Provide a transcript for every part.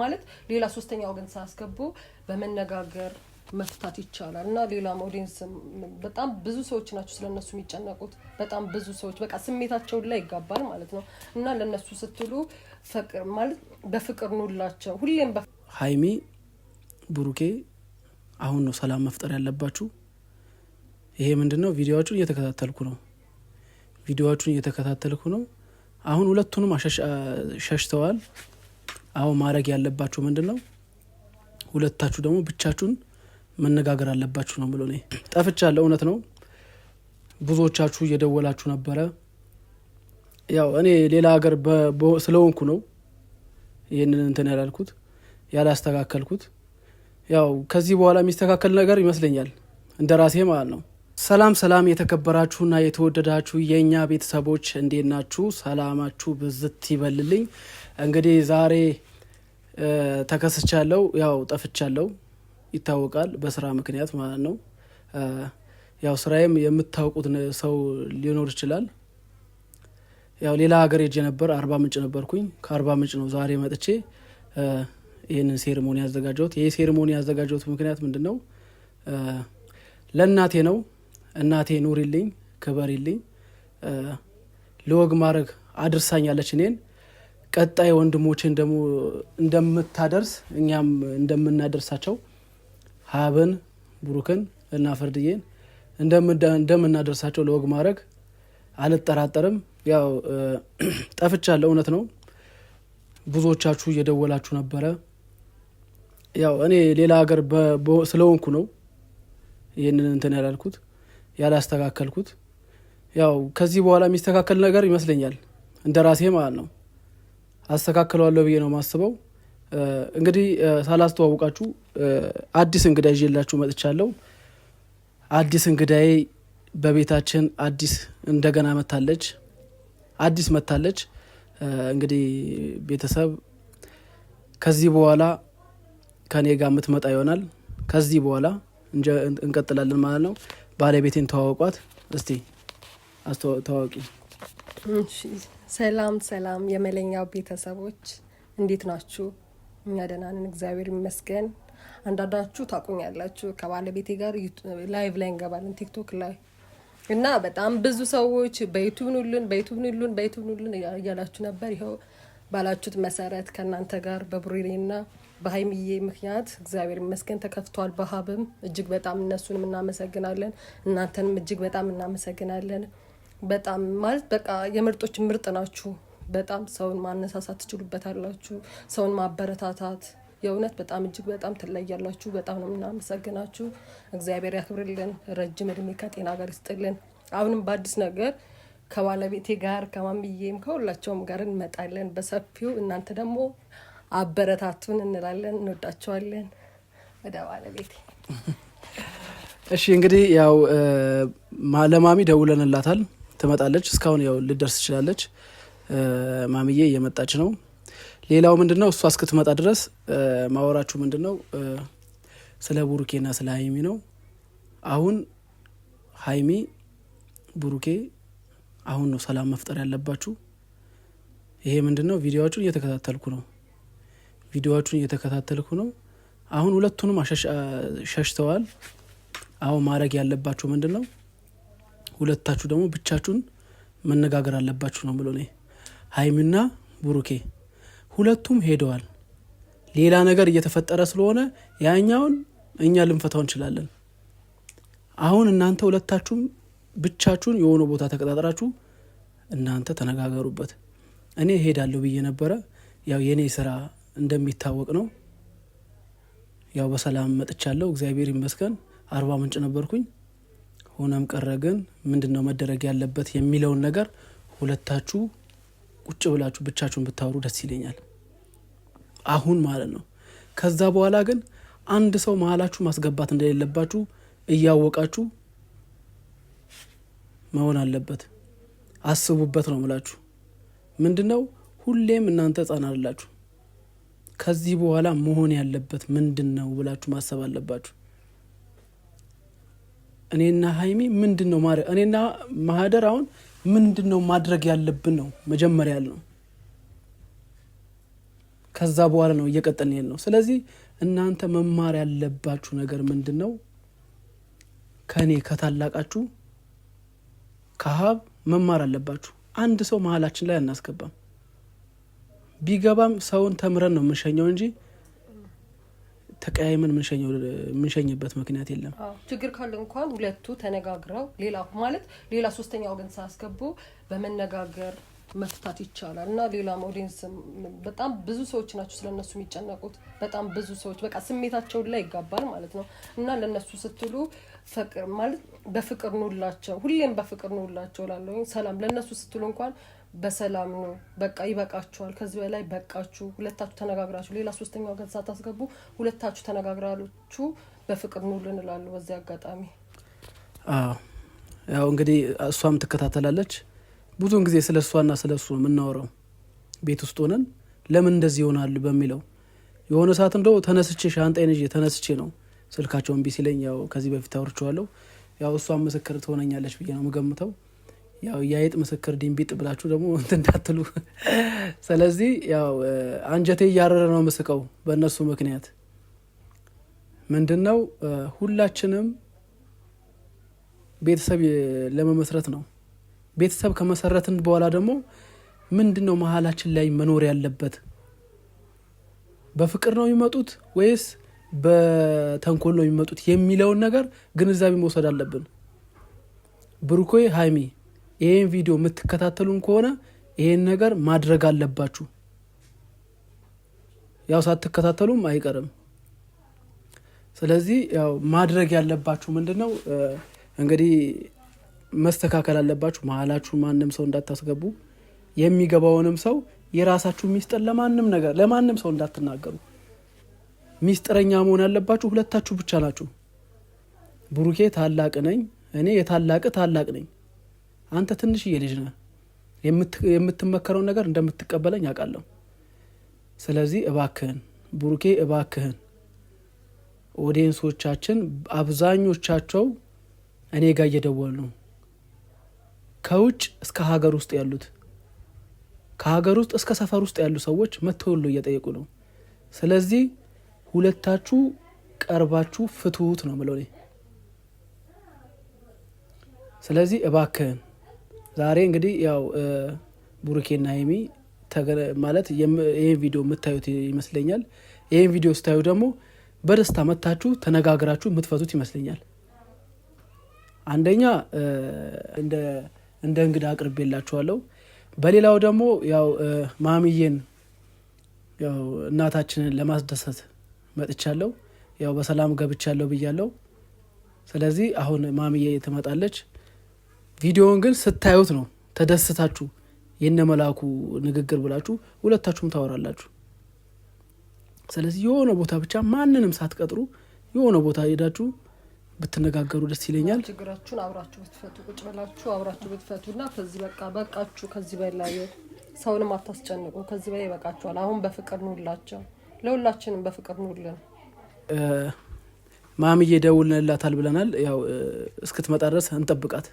ማለት ሌላ ሶስተኛ ወገን ሳያስገቡ በመነጋገር መፍታት ይቻላል እና ሌላ ኦዲንስ በጣም ብዙ ሰዎች ናቸው ስለነሱ የሚጨነቁት። በጣም ብዙ ሰዎች በቃ ስሜታቸውን ላይ ይጋባል ማለት ነው እና ለነሱ ስትሉ ፍቅር ማለት በፍቅር ኑላቸው። ሁሌም ሀይሚ፣ ብሩኬ አሁን ነው ሰላም መፍጠር ያለባችሁ። ይሄ ምንድን ነው? ቪዲዮዎቹን እየተከታተልኩ ነው። ቪዲዮዎቹን እየተከታተልኩ ነው። አሁን ሁለቱንም ሸሽተዋል። አዎ ማድረግ ያለባችሁ ምንድን ነው፣ ሁለታችሁ ደግሞ ብቻችሁን መነጋገር አለባችሁ ነው ብሎ ጠፍቻለሁ። እውነት ነው። ብዙዎቻችሁ እየደወላችሁ ነበረ። ያው እኔ ሌላ ሀገር ስለሆንኩ ነው ይህንን እንትን ያላልኩት ያላስተካከልኩት። ያው ከዚህ በኋላ የሚስተካከል ነገር ይመስለኛል እንደ ራሴ ማለት ነው። ሰላም ሰላም፣ የተከበራችሁና የተወደዳችሁ የእኛ ቤተሰቦች እንዴት ናችሁ? ሰላማችሁ ብዝት ይበልልኝ። እንግዲህ ዛሬ ተከስቻለው። ያው ጠፍቻለው፣ ይታወቃል በስራ ምክንያት ማለት ነው። ያው ስራዬም የምታውቁት ሰው ሊኖር ይችላል። ያው ሌላ ሀገር ሄጄ ነበር፣ አርባ ምንጭ ነበርኩኝ። ከአርባ ምንጭ ነው ዛሬ መጥቼ ይህንን ሴሪሞኒ ያዘጋጀሁት። ይህ ሴሪሞኒ ያዘጋጀሁት ምክንያት ምንድን ነው? ለእናቴ ነው። እናቴ ኑሪልኝ፣ ክበሪልኝ፣ ለወግ ማድረግ አድርሳኛለች እኔን ቀጣይ ወንድሞችን ደግሞ እንደምታደርስ እኛም እንደምናደርሳቸው ሀብን ብሩክን እና ፍርድዬን እንደምናደርሳቸው ለወግ ማድረግ አልጠራጠርም። ያው ጠፍቻለሁ፣ እውነት ነው። ብዙዎቻችሁ እየደወላችሁ ነበረ። ያው እኔ ሌላ ሀገር ስለወንኩ ነው ይህንን እንትን ያላልኩት ያላስተካከልኩት። ያው ከዚህ በኋላ የሚስተካከል ነገር ይመስለኛል እንደ ራሴ ማለት ነው። አስተካክለዋለሁ ብዬ ነው የማስበው። እንግዲህ ሳላስተዋውቃችሁ አዲስ እንግዳ ይዤላችሁ መጥቻለሁ። አዲስ እንግዳዬ በቤታችን አዲስ እንደገና መታለች፣ አዲስ መታለች። እንግዲህ ቤተሰብ ከዚህ በኋላ ከኔ ጋር የምትመጣ ይሆናል። ከዚህ በኋላ እንቀጥላለን ማለት ነው። ባለቤቴን ተዋውቋት እስቲ፣ አስተዋወቂ ሰላም ሰላም የመለኛው ቤተሰቦች እንዴት ናችሁ? እኛ ደህና ነን፣ እግዚአብሔር ይመስገን። አንዳንዳችሁ ታቁኛላችሁ። ከባለቤቴ ጋር ላይቭ ላይ እንገባለን ቲክቶክ ላይ እና በጣም ብዙ ሰዎች በዩቱብ ኑልን፣ በዩቱብ ኑልን፣ በዩቱብ ኑልን እያላችሁ ነበር። ይኸው ባላችሁት መሰረት ከእናንተ ጋር በብሩሬና በሀይሚዬ ምክንያት እግዚአብሔር ይመስገን ተከፍቷል። በሀብም እጅግ በጣም እነሱንም እናመሰግናለን፣ እናንተንም እጅግ በጣም እናመሰግናለን። በጣም ማለት በቃ የምርጦች ምርጥ ናችሁ። በጣም ሰውን ማነሳሳት ትችሉበታላችሁ፣ ሰውን ማበረታታት የእውነት በጣም እጅግ በጣም ትለያላችሁ። በጣም ነው የምናመሰግናችሁ። እግዚአብሔር ያክብርልን፣ ረጅም እድሜ ከጤና ጋር ይስጥልን። አሁንም በአዲስ ነገር ከባለቤቴ ጋር ከማምዬም ከሁላቸውም ጋር እንመጣለን በሰፊው። እናንተ ደግሞ አበረታቱን እንላለን። እንወዳቸዋለን። ወደ ባለቤቴ እሺ። እንግዲህ ያው ለማሚ ደውለንላታል። ትመጣለች። እስካሁን ያው ልደርስ ትችላለች። ማምዬ እየመጣች ነው። ሌላው ምንድን ነው እሷ እስክትመጣ ድረስ ማወራችሁ ምንድን ነው ስለ ቡሩኬና ስለ ሀይሚ ነው። አሁን ሀይሚ ቡሩኬ አሁን ነው ሰላም መፍጠር ያለባችሁ። ይሄ ምንድን ነው ቪዲዮዎቹን እየተከታተልኩ ነው። ቪዲዮዎቹን እየተከታተልኩ ነው። አሁን ሁለቱንም ሸሽተዋል። አሁን ማድረግ ያለባችሁ ምንድን ነው ሁለታችሁ ደግሞ ብቻችሁን መነጋገር አለባችሁ ነው ብሎ እኔ ሀይሚና ቡሩኬ ሁለቱም ሄደዋል። ሌላ ነገር እየተፈጠረ ስለሆነ ያኛውን እኛ ልንፈታው እንችላለን። አሁን እናንተ ሁለታችሁም ብቻችሁን የሆነ ቦታ ተቀጣጥራችሁ እናንተ ተነጋገሩበት። እኔ ሄዳለሁ ብዬ ነበረ። ያው የእኔ ስራ እንደሚታወቅ ነው። ያው በሰላም መጥቻለሁ፣ እግዚአብሔር ይመስገን። አርባ ምንጭ ነበርኩኝ። ሆነም ቀረ ግን ምንድን ነው መደረግ ያለበት የሚለውን ነገር ሁለታችሁ ቁጭ ብላችሁ ብቻችሁን ብታወሩ ደስ ይለኛል። አሁን ማለት ነው። ከዛ በኋላ ግን አንድ ሰው መሀላችሁ ማስገባት እንደሌለባችሁ እያወቃችሁ መሆን አለበት። አስቡበት ነው ምላችሁ። ምንድን ነው ሁሌም እናንተ ህጻን አላችሁ። ከዚህ በኋላ መሆን ያለበት ምንድን ነው ብላችሁ ማሰብ አለባችሁ። እኔና ሀይሚ ምንድን ነው ማድረግ እኔና ማህደር አሁን ምንድን ነው ማድረግ ያለብን ነው መጀመሪያ ያልነው። ከዛ በኋላ ነው እየቀጠልን ነው። ስለዚህ እናንተ መማር ያለባችሁ ነገር ምንድን ነው? ከእኔ ከታላቃችሁ ከሀብ መማር አለባችሁ። አንድ ሰው መሀላችን ላይ አናስገባም። ቢገባም ሰውን ተምረን ነው የምንሸኘው እንጂ ተቀያይመን የምንሸኝበት ምክንያት የለም። ችግር ካለ እንኳን ሁለቱ ተነጋግረው ሌላ ማለት ሌላ ሶስተኛ ወገን ሳያስገቡ በመነጋገር መፍታት ይቻላል እና ሌላም ኦዲንስ በጣም ብዙ ሰዎች ናቸው ስለነሱ የሚጨነቁት። በጣም ብዙ ሰዎች በቃ ስሜታቸውን ላይ ይጋባል ማለት ነው እና ለነሱ ስትሉ ማለት በፍቅር ኑላቸው፣ ሁሌም በፍቅር ኑላቸው ላለ ሰላም ለነሱ ስትሉ እንኳን በሰላም ነው። በቃ ይበቃችኋል፣ ከዚህ በላይ በቃችሁ። ሁለታችሁ ተነጋግራችሁ ሌላ ሶስተኛ ወገን ሳታስገቡ ሁለታችሁ ተነጋግራችሁ በፍቅር ኑ ልንላሉ። በዚህ አጋጣሚ ያው እንግዲህ እሷም ትከታተላለች። ብዙውን ጊዜ ስለ እሷና ስለ እሱ የምናወራው ቤት ውስጥ ሆነን ለምን እንደዚህ ይሆናል በሚለው የሆነ ሰዓት እንደው ተነስቼ ሻንጣዬን ይዤ ተነስቼ ነው ስልካቸውን ቢሲለኝ ያው ከዚህ በፊት አውርቼዋለሁ። ያው እሷም ምስክር ትሆነኛለች ብዬ ነው የምገምተው። ያው የአይጥ ምስክር ድንቢጥ ብላችሁ ደግሞ እንዳትሉ። ስለዚህ ያው አንጀቴ እያረረ ነው ምስቀው በእነሱ ምክንያት። ምንድን ነው ሁላችንም ቤተሰብ ለመመስረት ነው። ቤተሰብ ከመሰረትን በኋላ ደግሞ ምንድን ነው መሀላችን ላይ መኖር ያለበት? በፍቅር ነው የሚመጡት ወይስ በተንኮል ነው የሚመጡት የሚለውን ነገር ግንዛቤ መውሰድ አለብን። ብሩኮይ ሀይሚ ይህን ቪዲዮ የምትከታተሉን ከሆነ ይህን ነገር ማድረግ አለባችሁ። ያው ሳትከታተሉም አይቀርም። ስለዚህ ያው ማድረግ ያለባችሁ ምንድን ነው እንግዲህ መስተካከል አለባችሁ። መሀላችሁ ማንም ሰው እንዳታስገቡ፣ የሚገባውንም ሰው የራሳችሁ ሚስጥር ለማንም ነገር ለማንም ሰው እንዳትናገሩ። ሚስጥረኛ መሆን ያለባችሁ ሁለታችሁ ብቻ ናችሁ። ብሩኬ ታላቅ ነኝ፣ እኔ የታላቅ ታላቅ ነኝ አንተ ትንሽዬ ልጅ ነህ፣ የምትመከረውን ነገር እንደምትቀበለኝ አውቃለሁ። ስለዚህ እባክህን ቡሩኬ እባክህን ኦዲየንሶቻችን አብዛኞቻቸው እኔ ጋር እየደወሉ ነው፣ ከውጭ እስከ ሀገር ውስጥ ያሉት ከሀገር ውስጥ እስከ ሰፈር ውስጥ ያሉ ሰዎች መተወሉ እየጠየቁ ነው። ስለዚህ ሁለታችሁ ቀርባችሁ ፍትሁት ነው ምለው እኔ። ስለዚህ እባክህን ዛሬ እንግዲህ ያው ቡሩኬና ሀይሚ ማለት ይህን ቪዲዮ የምታዩት ይመስለኛል። ይህን ቪዲዮ ስታዩ ደግሞ በደስታ መታችሁ ተነጋግራችሁ የምትፈቱት ይመስለኛል። አንደኛ እንደ እንግዳ አቅርቤላችኋለሁ። በሌላው ደግሞ ያው ማሚዬን ያው እናታችንን ለማስደሰት መጥቻለሁ። ያው በሰላም ገብቻለሁ ብያለሁ። ስለዚህ አሁን ማሚዬ ትመጣለች። ቪዲዮውን ግን ስታዩት ነው ተደስታችሁ የነ መላኩ ንግግር ብላችሁ ሁለታችሁም ታወራላችሁ። ስለዚህ የሆነ ቦታ ብቻ ማንንም ሳትቀጥሩ የሆነ ቦታ ሄዳችሁ ብትነጋገሩ ደስ ይለኛል። ችግራችሁን አብራችሁ ብትፈቱ ቁጭ ብላችሁ አብራችሁ ብትፈቱና ከዚህ በቃ በቃችሁ፣ ከዚህ በላይ ሰውንም አታስጨንቁ፣ ከዚህ በላይ ይበቃችኋል። አሁን በፍቅር ንውላቸው፣ ለሁላችንም በፍቅር ንውልን። ማምዬ ደውልንላታል ብለናል። ያው እስክትመጣ ድረስ እንጠብቃት።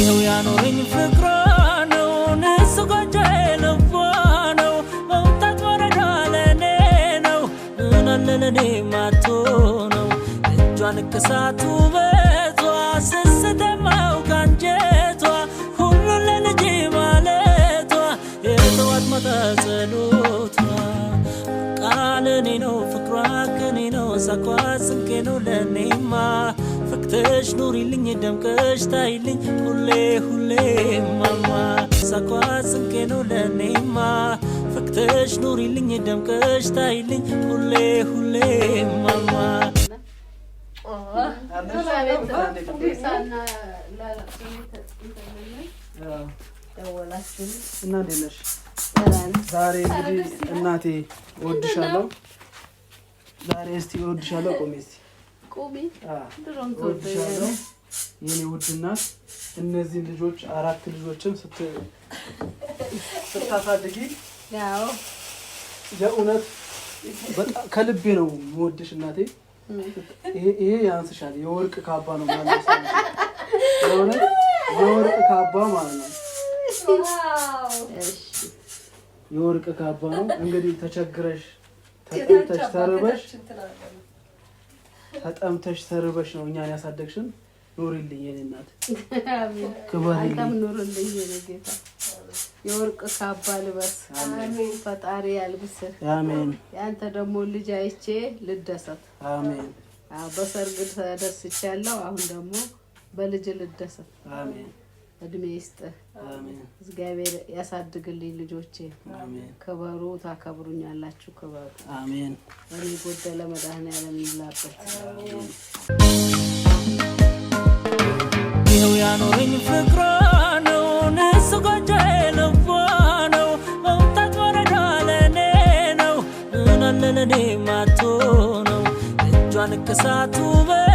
ይኸው ያኖረኝ ፍቅሯ ነው ንሱ ጓዳዬ ልቧ ነው መውጣት ወረዳ ለኔ ነው እላለለኔ ማቶ ነው እጇን ክሳቱ በቷ ስስተማው ካንጀቷ ሁሉን ለልጄ ማለቷ የጠዋት ማታ ጸሎቷ ቃልኔ ነው ፍቅሯ ከኔ ነው ሳኳ ስንቄ ነው ለኔማ ሰርተሽ ኑሪልኝ ደምቀሽ ታይልኝ ሁሌ ሁሌ ማማ ሳኳ ስንቄ ነው ለኔማ ፈክተሽ ኑሪልኝ ደምቀሽ ታይልኝ ሁሌ ሁሌ ማማ እና እንዴት ነሽ? ዛሬ እንግዲህ እናቴ እወድሻለሁ፣ ዛሬ እስቲ እወድሻለሁ ቆሜ እስቲ ቆቢ ድሮም የኔ ውድ እናት እነዚህን ልጆች አራት ልጆችን ስታሳድጊ የእውነት ከልቤ ነው የምወድሽ እናቴ። ይሄ ያንስሻል። የወርቅ ካባ ነው ማለት የወርቅ ካባ ማለት ነው። የወርቅ ካባ ነው። እንግዲህ ተቸግረሽ ተጠይተሽ ተርበሽ ተጠምተሽ ተርበሽ ነው እኛን ያሳደግሽን። ኑሪልኝ የኔ እናት፣ ክበሪልኝ፣ ኑርልኝ የኔ ጌታ። የወርቅ ካባ ልበስ ፈጣሪ ያልብስህ። አሜን። ያንተ ደግሞ ልጅ አይቼ ልደሰት። አሜን። በሰርግ ተደስቻለሁ። አሁን ደግሞ በልጅ ልደሰት። አሜን። እድሜ ይስጥ። እግዚአብሔር ያሳድግልኝ። ልጆቼ ክበሩ፣ ታከብሩኛላችሁ። ክበሩ። አሜን። እኔ ጎደለ መድኃኔዓለም ይላበት። ይኸው ያኖረኝ ፍቅሯ ነው ንስ ጓንጃ የልቧ ነው ወረዳ ለእኔ ነው ምናለለኔ ማቶ ነው እጇን ቅሳቱ በ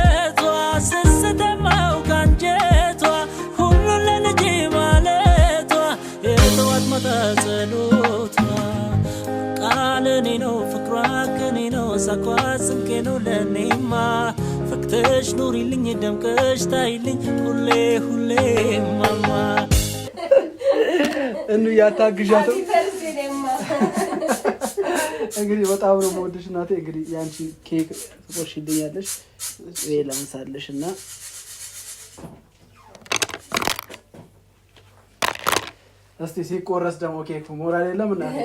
ኳስ ስንቄ ነው ለኔማ ፈክተሽ ኑሪልኝ ደምቀሽ ታይልኝ ሁሌ ሁሌ ማማ እኑ ያታግዣት እንግዲህ በጣም ነው መወደሽ እናቴ። እንግዲህ የአንቺ ኬክ ትቆርሽልኛለሽ ላንሳለሽ እና እስቲ ሲቆረስ ደግሞ ኬክ ሞራል የለም እናቴ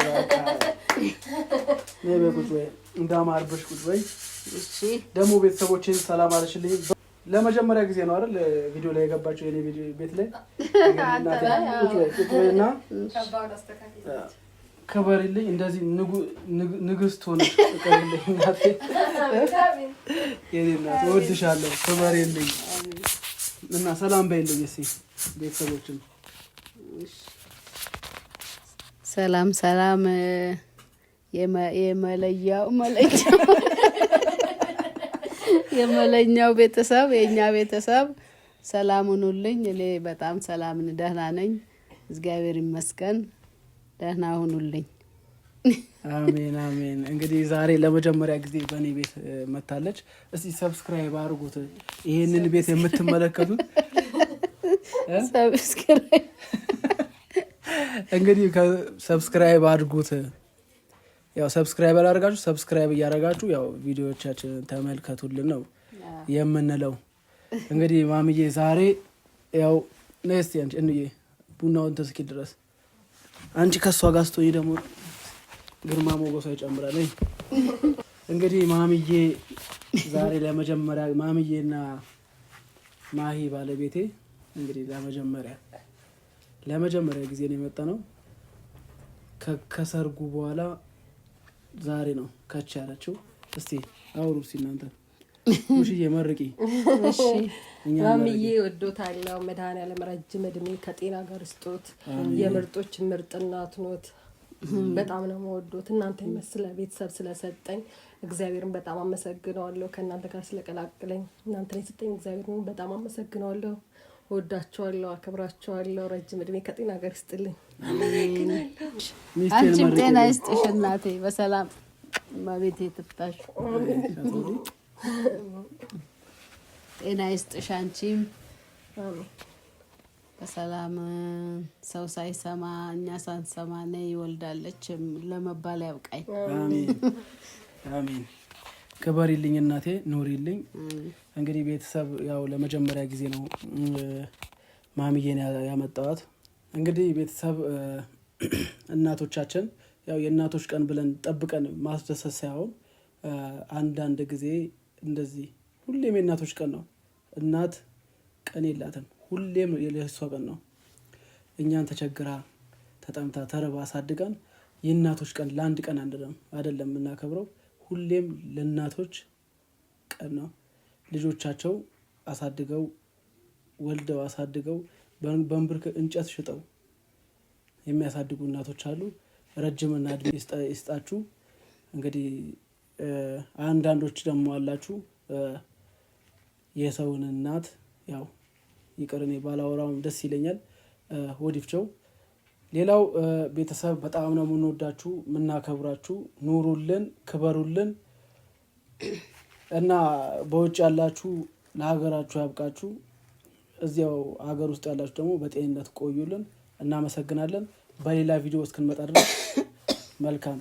ነይ በይ ቁጭ በይ እንዳማርብሽ ቁጭ በይ። እሺ ደግሞ ቤተሰቦችን ሰላም አለሽልኝ። ለመጀመሪያ ጊዜ ነው አይደል ቪዲዮ ላይ የገባቸው የኔ ቤት ላይ ቁጭ ክበሪልኝ። እንደዚህ ንግስት ሆነሽ ቀርልኝ፣ እናቴ፣ የኔ እናት እወድሻለሁ። ክበሪልኝ እና ሰላም በይልኝ እስኪ ቤተሰቦችን እሺ ሰላም ሰላም። የመለያው መለኛው የመለኛው ቤተሰብ የእኛ ቤተሰብ ሰላም ሁኑልኝ። እኔ በጣም ሰላምን ደህና ነኝ፣ እግዚአብሔር ይመስገን። ደህና ሁኑልኝ። አሜን አሜን። እንግዲህ ዛሬ ለመጀመሪያ ጊዜ በእኔ ቤት መታለች። እስቲ ሰብስክራይብ አድርጉት ይሄንን ቤት የምትመለከቱት እንግዲህ ሰብስክራይብ አድርጉት። ያው ሰብስክራይብ አላደርጋችሁ ሰብስክራይብ እያደረጋችሁ ያው ቪዲዮዎቻችን ተመልከቱልን ነው የምንለው። እንግዲህ ማምዬ ዛሬ ያው ነስቲ አንቺ እንዬ ቡናውን ተስኪ ድረስ አንቺ ከእሷ ጋር ደግሞ ግርማ ሞገሷ ይጨምራል። እንግዲህ ማምዬ ዛሬ ለመጀመሪያ ማምዬና ማሂ ባለቤቴ እንግዲህ ለመጀመሪያ ለመጀመሪያ ጊዜ ነው የመጣ ነው። ከሰርጉ በኋላ ዛሬ ነው ከች ያለችው። እስቲ አውሩ እስቲ እናንተ ሙሽዬ መርቂ። ማምዬ ወዶታለው መድኃኒዓለም ረጅም እድሜ ከጤና ጋር ስጦት የምርጦች ምርጥ እናት ኖት። በጣም ነው መወዶት እናንተ ይመስለ ቤተሰብ ስለሰጠኝ እግዚአብሔርን በጣም አመሰግነዋለሁ። ከእናንተ ጋር ስለቀላቅለኝ እናንተ ስጠኝ እግዚአብሔርን በጣም አመሰግነዋለሁ። ወዳቸዋለሁ፣ አከብራቸዋለሁ። ረጅም እድሜ ከጤና ጋር ይስጥልኝ። አንቺም ጤና ይስጥሽ እናቴ፣ በሰላም እማቤቴ የትታሽ ጤና ይስጥሽ አንቺም በሰላም ሰው ሳይሰማ እኛ ሳንሰማ ነ ወልዳለች ለመባል ያብቃኝ። አሜን አሜን። ክበሪልኝ እናቴ ኑሪልኝ። እንግዲህ ቤተሰብ ያው ለመጀመሪያ ጊዜ ነው ማሚዬን ያመጣዋት። እንግዲህ ቤተሰብ እናቶቻችን ያው የእናቶች ቀን ብለን ጠብቀን ማስደሰት ሳይሆን አንዳንድ ጊዜ እንደዚህ ሁሌም የእናቶች ቀን ነው። እናት ቀን የላትም፣ ሁሌም የእሷ ቀን ነው። እኛን ተቸግራ ተጠምታ ተርባ አሳድጋን የእናቶች ቀን ለአንድ ቀን አንድነም አይደለም የምናከብረው ሁሌም ለእናቶች ቀን ነው። ልጆቻቸው አሳድገው ወልደው አሳድገው በንብርክ እንጨት ሽጠው የሚያሳድጉ እናቶች አሉ። ረጅምና እድሜ ይስጣችሁ። እንግዲህ አንዳንዶች ደግሞ አላችሁ የሰውን እናት ያው ይቅር እኔ ባላወራውም ደስ ይለኛል ወዲፍቸው ሌላው ቤተሰብ በጣም ነው የምንወዳችሁ፣ የምናከብራችሁ። ኑሩልን፣ ክበሩልን እና በውጭ ያላችሁ ለሀገራችሁ ያብቃችሁ። እዚያው ሀገር ውስጥ ያላችሁ ደግሞ በጤንነት ቆዩልን። እናመሰግናለን። በሌላ ቪዲዮ እስክንመጣ ድረስ መልካም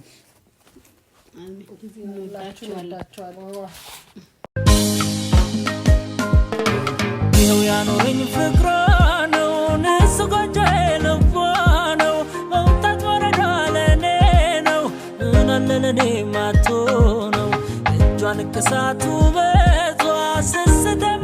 ይኸው ያኖረኝ ፍቅሮ እኔ ማቶ ነው እጇን ክሳቱ በቷ ስስተም